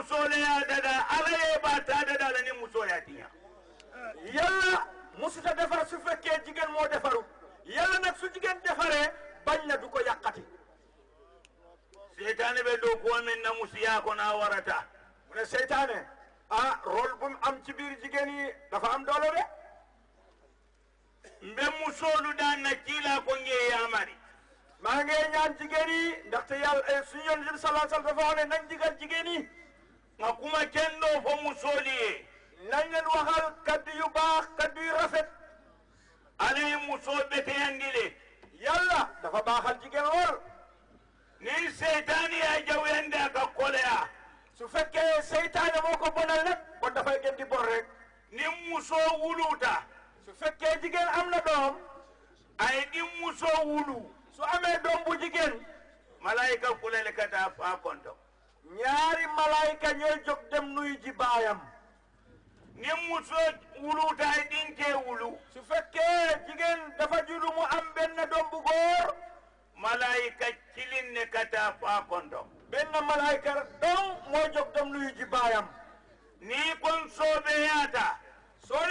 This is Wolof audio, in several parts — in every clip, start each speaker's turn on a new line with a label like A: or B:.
A: musola ya dada ala ye ba ta dada la ni muso ya tinya yalla musuta defar su fekke jigen mo defaru yalla nak su jigen defare bañ na du ko yakati seytane be do ko men na musiya ko na warata ne seytane a rol bum am ci bir jigen yi dafa am dolo de mbe musolu dan na kila ko nge yamari maa ngi ñaan jigéen yi ndaxte yàlla suñu yoon bi sallallahu alayhi wa sallam dafa wax ne nañ digal jigéen yi nga kuma kendoo fo musooli ye nañ leen waxal kaddu yu baax kaddu yu musoo beteyandi le yàlla dafa baaxal jigéen lool ni seytaani yaa jawyandi aka koleya su fekkee seytaane moo ko bonal nag kon dafay gën di bon rek ni musoo wuluuta su fekkee jigéen am na doom ay ni musoo wulu su amee doom bu jigéen malayka kulele kata faa konto ñaari malaayka ñooy jóg dem nuyu ji baayam ni musoo wuluutaay dinkee wulu su fekkee jigéen dafa juddu mu am benn doom bu góor malaayka cilin ne kata faa kondo benn malaayka dong moo jóg dem nuyu ji nii kon soobee yaata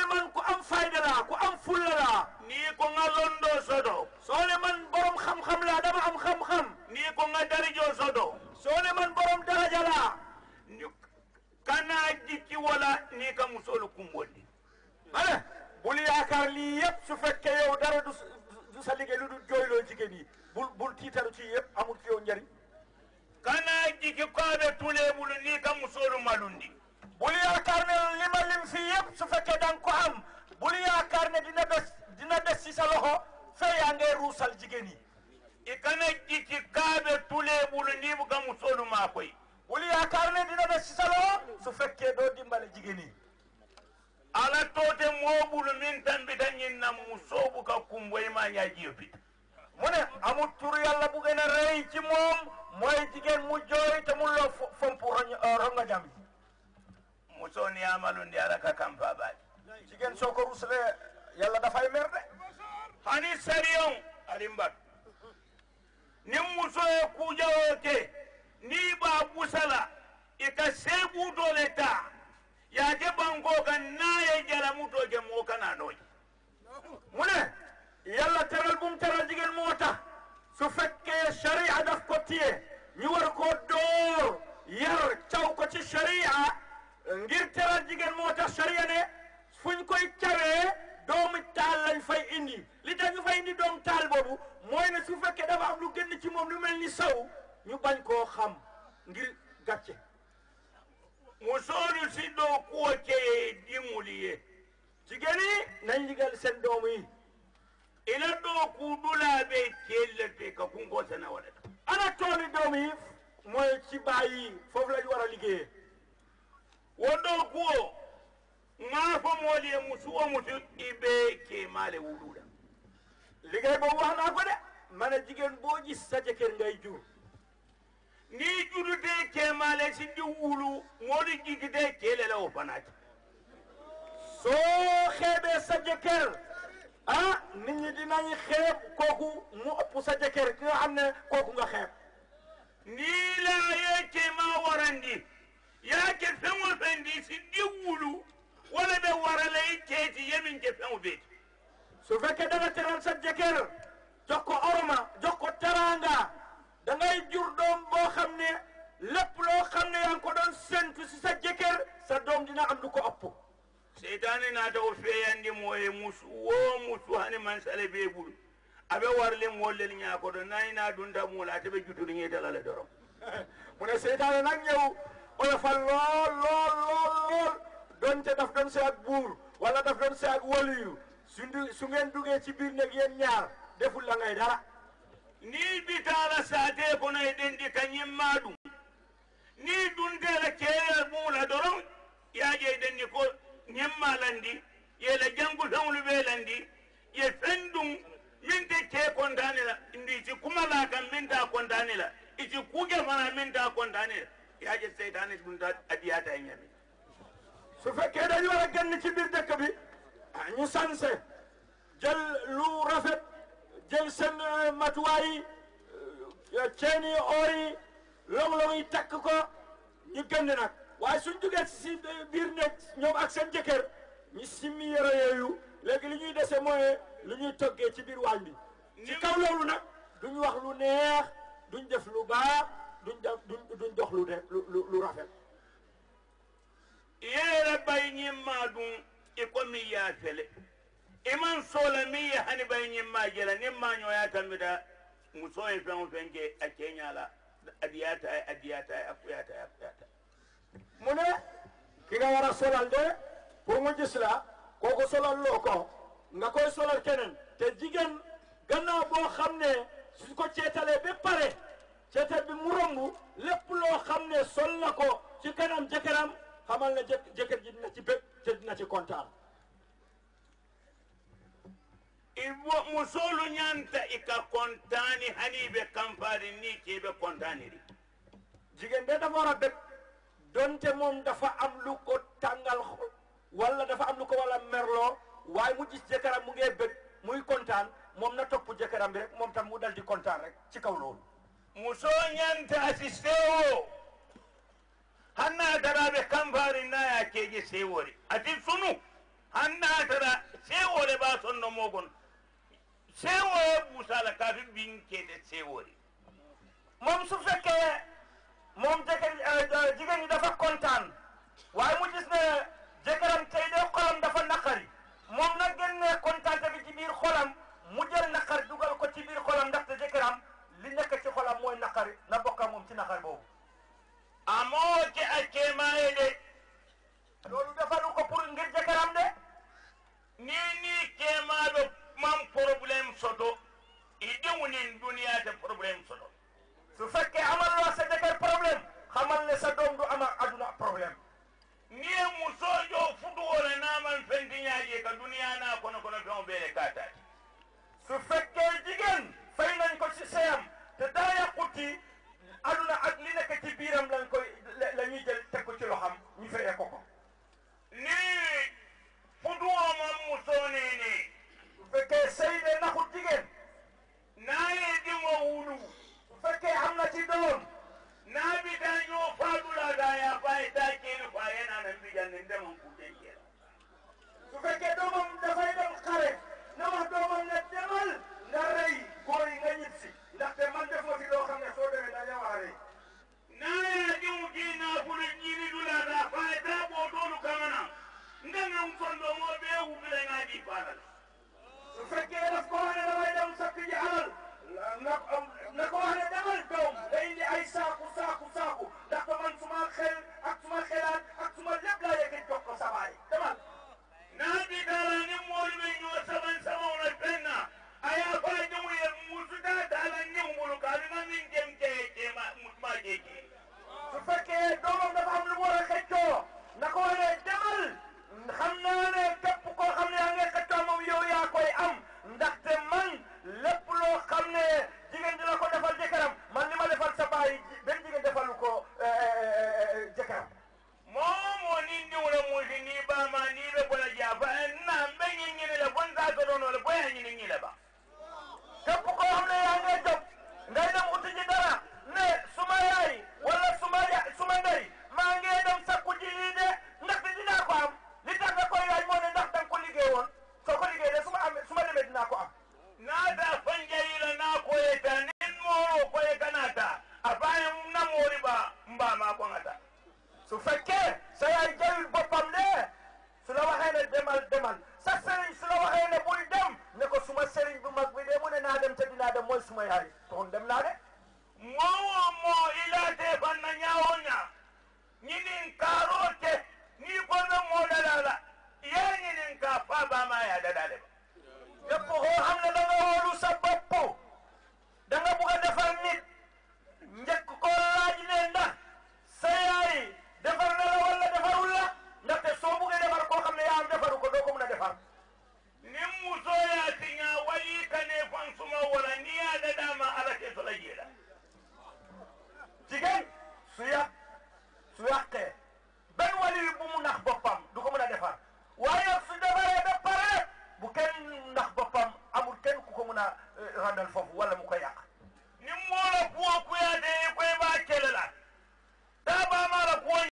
A: man ku am fayda ku am fulla nii ko nga londoo sodo soo man borom xam-xam laa dama am xam-xam nii ko nga darijoo sodo soo ne man borom daraja laa kanaa jikki wala nii ka musolu kumbondi bale bul yaakaar lii yëpp su fekkee yow dara du sa liggéey du jooyloo jigéen yi bul bul tiitaru ci yëpp amul ci yow njariñ kanaa jikki ko am bul yaakaar ne dina des dina des ci loxo fee yaa ruusal jigéen yi i kana jiti kabe tulee bulu ndimu ka musolu makoy wuli yakarne da sisalo su fekke do dimbala jigini ala tote moo min tan bita ñin na musobu ka kumboy ma ñaa jiyo bita mu ne amul tur yàlla bu gën a ci mom mooy jigen mu jooy te mu loo fompu ronga jam musoo amalu ndi ala ka kampa su fekkee shari'a daf ko téye ñu war ko dóor yar caw ko ci shari'a ngir teral jigéen moo tax shari'a ne fuñ koy cawee doomu taal lañ fay indi li tax ñu fay indi doomu taal boobu mooy ne su fekkee dafa am lu génn ci moom lu mel ni saw ñu bañ koo xam ngir gàcce musoolu si doo kuwo ceyee dimuli ye jigéen yi nañ ligal seen doom yi ila doo ku dulaabe bi ka fu ngoo sene wala ana tooli doom yi mooy ci bàyyi foofu lañ war a liggéeyee wondoo kuwo ŋaa fo moolu ye musu wo musu i bee kéemaale wulu la liggéey boobu wax ko de man a boo gis sa jëkkër ngay jur nii jurutee kéemaale si di wulu moolu jigitee kéele la wo fanaati soo xeebee sa jëkkër ah nit ñi dinañ xeeb kooku mu ëpp sa jëkkër ki nga xam ne kooku nga xeeb nii laa yeecee maa warandi yaake feŋol fendi si diwulu wala ɓe warala i ceeti yeminke feŋo beeti so fekke daga teral sa jëkkër jox ko orma jox ko teraanga da jur doom boo xam ne lépp loo xam ne yaa ko doon séntu si sa jëkkër sa doom dina am lu ko ëpp seytane naata o feeyandi mo e musu wo musu hani mansale bee ɓulu aɓe warli mollel ñaakoto nayina dunta muula ateɓe jutoriñeetalale dorom mune seytane nan ñawu oye fa lool lool lool lool donte daf don se ak buur walla daf don se ak waliyu sundu sungen duge ci biir neg yen ñaar deful la ngay dara ni bitala saate konay ɗendi ka ñimmaɗum ni dunteela ceeyal muula dorom yaajey ɗendi ko ñemmalandi yeela janngu lewlu weelandi ye fen ɗum min de te condane la ndi isi kumala kam min ta condane la isi kuuge fana min ta condane la yaaje seytane ɗum ta adiyata e ñami so fekkee dañu a génn ci biir dëkk bi ah, ñu sanse jël lu rafet jël seen euh, euh, ceeni oor yi long-long yi takk ko waaye suñ jugee si biir nekk ñoom ak seen jëkkër ñu simmi yére yooyu léegi li ñuy dese mooy lu ñuy toggee ci biir waañ bi ci kaw loolu nag duñ wax lu neex duñ def lu baax duñ def duñ lu def lu lu rafet yeere bay ñimmaa dum i ko mi yaa fele iman soola mi ye hani bay ñimmaa jela nimmaa ñooyaa tamida muso ye feŋo feŋ ke a keeñaa la adiyata ye adiyata ye akuyata ye akuyata mu ne ki nga war a solal de pour mu gis la kooku solal loo ko nga koy solal keneen te jigéen gannaaw boo xam ne su ko ceetalee ba ceetal bi mu romb lépp loo xam ne sol na ko ci kanam jëkkëram xamal na jëkkër ji dina ci bég te dina ci kontaan ibo musolu ñanta ika kontaani hani be kampaani nii kii be kontaani di jigéen de dafa war a bég donte moom dafa am lu ko tàngal xol dafa am lu ko wala merloo waaye mu gis jëkkëram mu ngee bëgg muy kontaan moom na topp jëkkëram bi moom tam mu dal di kontaan rek ci kaw loolu musoo ñanta assisté o hannaa daraaɓe campagne naya keeje sewore ati sunu hannaa tara sewore ɓa sonno mogon sewo busala kaatu bin keede sewore moom su fekkee moom jëkkër jigéen ñi dafa kontaan waaye mu gis ne jëkkëram tey de xol ci aduna ak li nekk ci biiram lañ la ñuy jël teg ko ci loxam ñu feye ko ko nii fuduwa ma musoo nee nii bu fekkee naxut jigéen naa yee di ma wulu bu am na ci doom wonɗomo ɓe wuɓɓinay ma ɗi balal so fekke naf ko hane rawa ɗam sakkiji alal nako hane ɗamal dowm ɓe inde ay saaku saaku saaku ndax ko man suma xel ak suma xelaat ak suma leɓ laa yegin jokko sabaay demal naa ɗi darani ይገባል ሰሰረኝ ስለዋሄለ ቡል ደም neko suma serigne bu mag bi de mu ne naa dem te dinaa dem mooy sumay hari toon dem naa de mowo mo ilate banna ñawoña ñinin kaarote ni bonna mo dalala ya ñinin ka faabama ya dadale ba yeppo ho xam ne